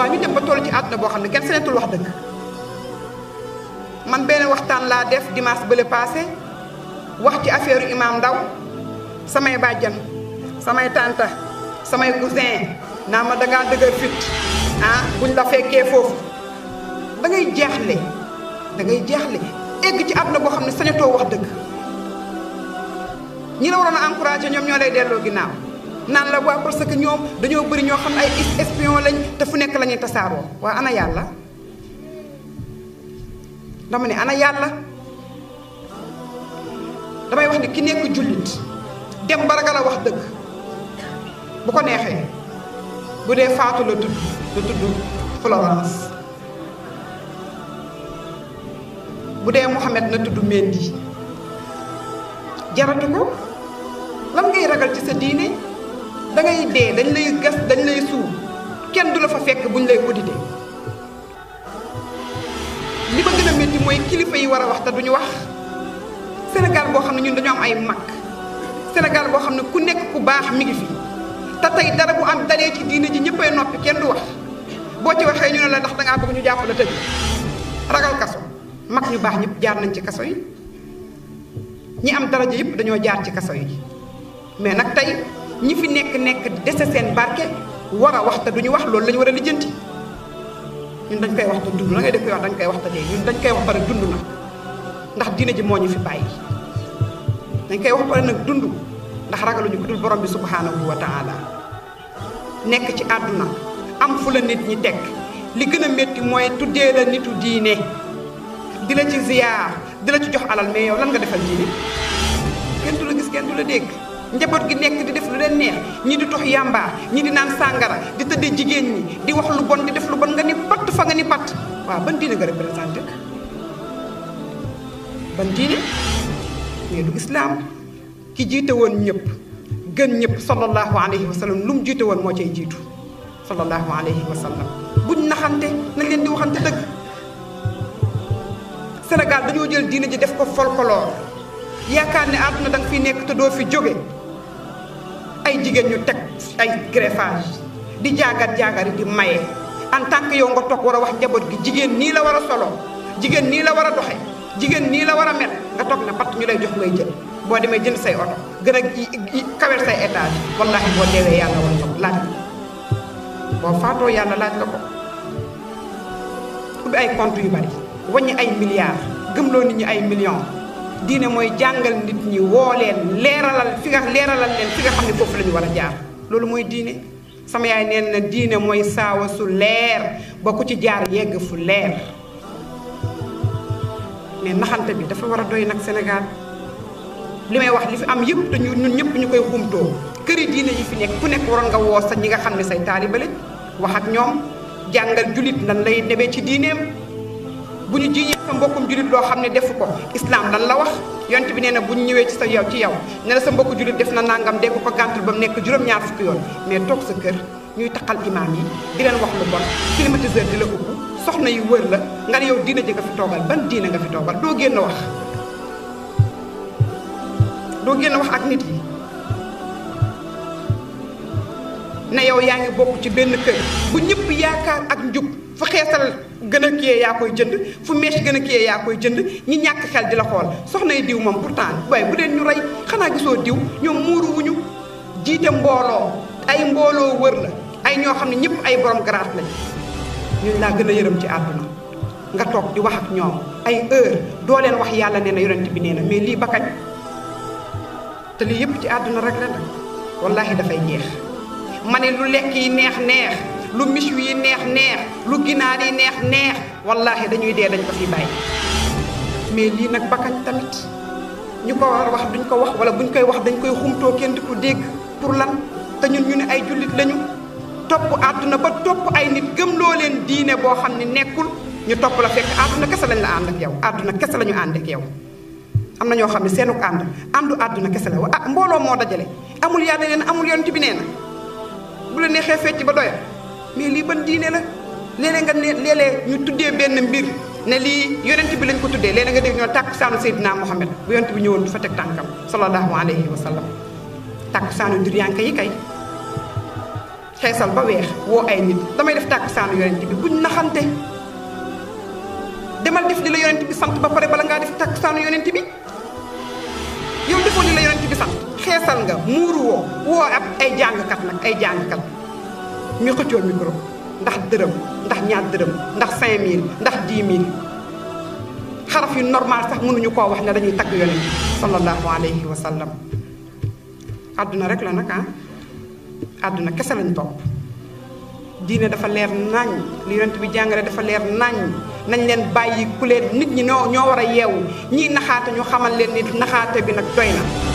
waa ñu dem ba toll ci àdduna boo xam ne kenn senetul wax dëgg man benn waxtaan laa def dimanche bële passé wax ci affaire Imam Ndaw samay bàjjan samay tànta samay cousin naa ma dangaa dëgër fit ah buñ la fekkee foofu da ngay jeexle da ngay jeexle egg ci àdduna boo xam ne sañatoo wax dëgg ñi la waroon a encouragé ñoom ñoo lay delloo ginnaaw naan la waaw parce que ñoom dañoo bari ñoo xam ne ay espion lañ te fu nekk lañuy ñuy tasaaroo waa ana yàlla dama ne ana yàlla damay wax ne ki nekk jullit dem ba ragal a wax dëgg bu ko neexee bu dee faatu la tudd la tudd Florence bu dee Mohamed na tudd Mendy jaratu ko lan ngay ragal ci sa diine da ngay dee dañ lay gas dañ lay suul kenn du la fa fekk bu ñu lay audité li ma gën a métti mooy kilifa yi war a wax te duñu wax Sénégal boo xam ne ñun dañoo am ay mag Sénégal boo xam ne ku nekk ku baax mi ngi fi te tey dara bu am dalee ci diine ji ñëppay noppi kenn du wax boo ci waxee ñu ne la ndax dangaa bëgg ñu jàpp la tëj ragal kaso mag ñu baax ñëpp jaar nañ ci kaso yi ñi am daraja yépp dañoo jaar ci kaso yi mais nag tey. ñi fi nekk nekk dese seen barke war a wax du duñu wax loolu lañu war a lijjanti ñun dañ koy wax du dund la ngay def koy wax dañ koy wax te dee ñun dañ koy wax pare dund nag ndax diine ji moo ñu fi bàyyi dañ koy wax pare nag dund ndax ragaluñu ku dul borom bi subhanahu wa taala nekk ci àdduna am fu la nit ñi teg li gën a metti mooy tuddee la nitu diine di la ci ziyaar di la ci jox alal mais yow lan nga defal diine kenn du la gis kenn du la dégg njaboot gi nekk di def lu leen neex ñi di tox yàmba ñi di naan sàngara di tëddee jigéen ñi di wax lu bon di def lu bon nga ni patt fa nga ni patt waaw ban diine nga représenté ban diine mais du islaam ki jiite woon ñëpp gën ñëpp sallallahu alayhi wa sallam lu mu jiite woon moo cay jiitu sallallahu alayhi wa sallam buñ naxante nañ leen di waxante dëgg Sénégal dañoo jël diine ji def ko folklore yaakaar ne àdduna danga fiy nekk te doo fi jóge ay jigéen ñu teg ay greffage di jaagar jaagari di maye en tant que yow nga toog war a wax njaboot gi jigéen nii la war a solo jigéen nii la war a doxe jigéen nii la war a mel nga toog na pat ñu lay jox ngay jël boo demee jënd say oto gën a kawel say étage wallaahi boo deewee yàlla war jox laaj boo faatoo yàlla laaj la ko ubbi ay compte yu bari wàññi ay milliards gëmloo nit ñi ay millions diine mooy jàngal nit ñi woo leen leeralal fi nga leeralal leen fi nga xam ne foofu la ñu war a jaar loolu mooy diine sama yaay neen na diine mooy saawa su leer ba ku ci jaar yegg fu leer mais naxante bi dafa war a doy nag Sénégal li may wax li fi am yëpp dañu ñun ñëpp ñu koy xumtoo këri diine yi fi nekk ku nekk waroon nga woo sa ñi nga xam ne say taaliba lañ wax ak ñoom jàngal julit nan lay demee ci diineem bu ñu jiñee sa mbokkum julit loo xam ne defu ko islam lan la wax yonent bi nee na bu ñu ñëwee ci sa yow ci yow ne sa mbokku julit def na nangam dee ko ko gàntul ba mu nekk juróom-ñaar fukki yoon mais toog sa kër ñuy taqal imaam yi di wax lu bon climatiseur di la ubb soxna yu wër la nga ne yow diina ji nga fi toogal ban diina nga fi toogal doo génn wax doo génn wax ak nit yi ne yow yaa ngi bokk ci benn kër bu ñëpp yaakaar ak njub fu xeesal gën a kiyee yaa koy jënd fu mèche gën a kiyee yaa koy jënd ñi ñàkk xel di la xool soxna yi diw moom pourtant waaye bu leen ñu rey xanaa gisoo diw ñoom muuru wuñu jiite mbooloo ay mbooloo wër la ay ñoo xam ne ñëpp ay borom grâce lañ ñu laa gën a yërëm ci àdduna nga toog di wax ak ñoom ay heure doo leen wax yàlla nee na yonent bi nee na mais lii ba te lii yëpp ci àdduna rek la nag wallaahi dafay jeex ma ne lu lekk yi neex neex lu michu yi neex neex lu ginaar yi neex neex wallaahi dañuy dee dañ ko fi bàyyi mais lii nag bakkañ tamit ñu ko war a wax duñ ko wax wala buñ koy wax dañ koy xumtoo kenn di ko dégg pour lan te ñun ñu ne ay jullit lañu topp àdduna ba topp ay nit gëm loo leen diine boo xam ne nekkul ñu topp la fekk àdduna kese lañ la ànd ak yow àdduna kese lañu ànd ak yow am na ñoo xam ne seenu ànd àndu àdduna kese la wa ah mbooloo moo dajale amul yàlla leen amul yonent bi nee la neexee fecc ba doya mais lii ban diine la léeg nga ne léeg ñu tuddee benn mbir ne lii yonent bi lañ ko tuddee léeg nga def ñoo tàkku saanu Seydina Mohamed bu yonent bi ñëwoon du fa teg tànkam sallallahu alayhi wa sallam tàkku saanu duriyanka yi kay xeesal ba weex woo ay nit damay def tàkku saanu yonent bi buñ naxante demal def di la yonent bi sant ba pare bala ngaa def tàkku saanu yonent bi xeesal nga muuru woo woo ab ay jàngkat nag ay jàngkat ñu xëccoo micro ndax dërëm ndax ñaar dërëm ndax cinq mille ndax dix mille xaraf yu normal sax mënuñu koo wax ne dañuy tagg yoon sallallahu alayhi wa sallam àdduna rek la nag ah àdduna kese lañ topp diine dafa leer nañ li yonent bi jàngale dafa leer nañ nañ leen bàyyi ku leen nit ñi ñoo ñoo war a yeewu ñii naxaate ñu xamal leen naxaate bi nag doy na